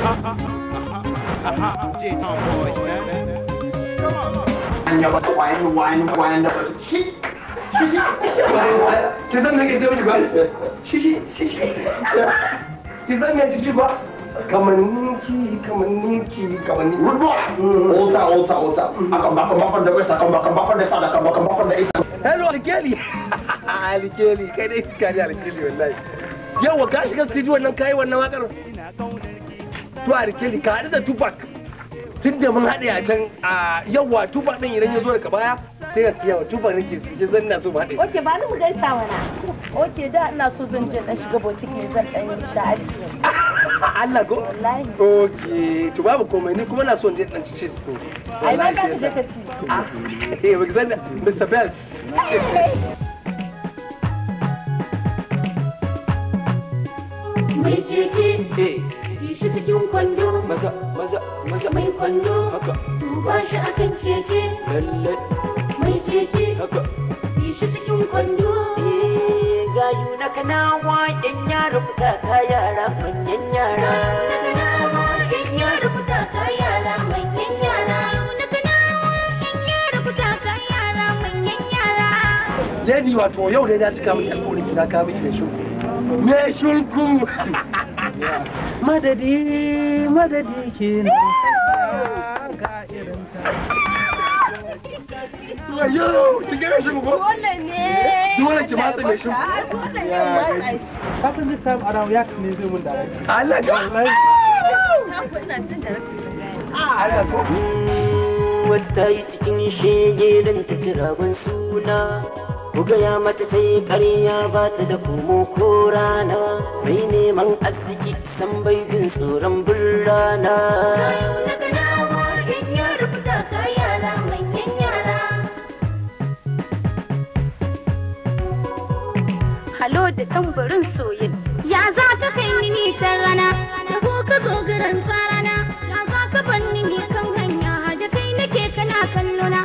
Wind up, wind, wind, wind up. Shi, shi, shi. Ki san me ke ce miki ba? Shi, shi, shi, shi. Ki san me shi shi ba? kamanninki kamanninki kamanninki good boy olsa olsa ka shiga studio nan kai tuwa rikeli ka haɗu da tupac tun da mun haɗe a can a yawwa tupac ɗin idan ya zo daga baya sai ka yawa tupac nake ke zan na so ba haɗe. ok ba ni mu gaisa wana ok da ina so zan je ɗan shiga botik ne zan ɗan yi sha'ari. Allah ko? Ok, to babu komai ni kuma na so je ɗan cice su. Ai ba ka je ka ci. Ah, eh, Mr. Bells. Hey. shi cikin kwando maza maza maza mai kwando haka duba shi akan keke lalle mai keke haka yi shi cikin kwando eh, gayu na kanawa yan yara fita ka yara manyan yara yan yara fita ka yara manyan yara Lady wato yau dai na cika miki alƙawarin kina ka miki da shi. Me madadi madadi kenan ga irin ta wayo ki gare shi ko dole ne dole ki matsa mai shi ka san this time around yak ne zai mun da ah, Allah ga kunna sun da Allah ko wata ta yi cikin shege dan ta jira ban suna ku gaya mata ta yi ƙarya ba ta da komo ko rana mai neman arziki san bai jin tsoron bin Halo da tambarin soyin ya za ka kai ni can rana ta ko ka zo garin tsarana ya za ka banni ni kan hanya da kai nake kana kallona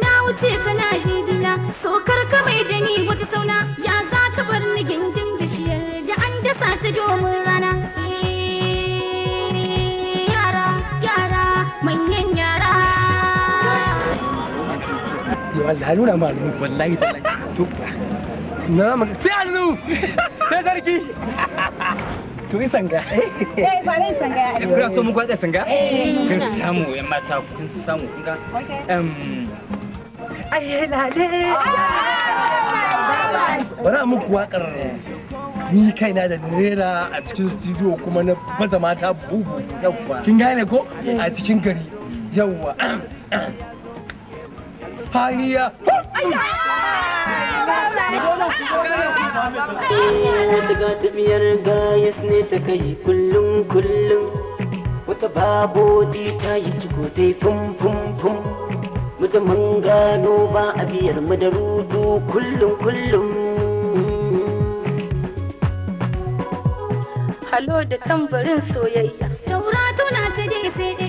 na wuce kana bibina so ka ka mai da ni wata sauna ya za ka bar ni gindin bishiyar da an dasa ta domin rana eh, yara yara manyan yara wallahi nuna wallahi ta na sai sai sarki to yi sanga eh sanga eh so mu sanga kun samu yan mata kun samu kun ga um bari muku wakar ni kaina da nera a cikin studio kuma na baza mata bubu kin gane ko a cikin gari yawwa hayya wata gata biyar gayas ne ta kai kullum kullum wata babu ta yi tuko ta yi fum fum fum da mun gano ba a biyar mu da rudu kullum kullum halo da tambarin soyayya taurato na ta dai sai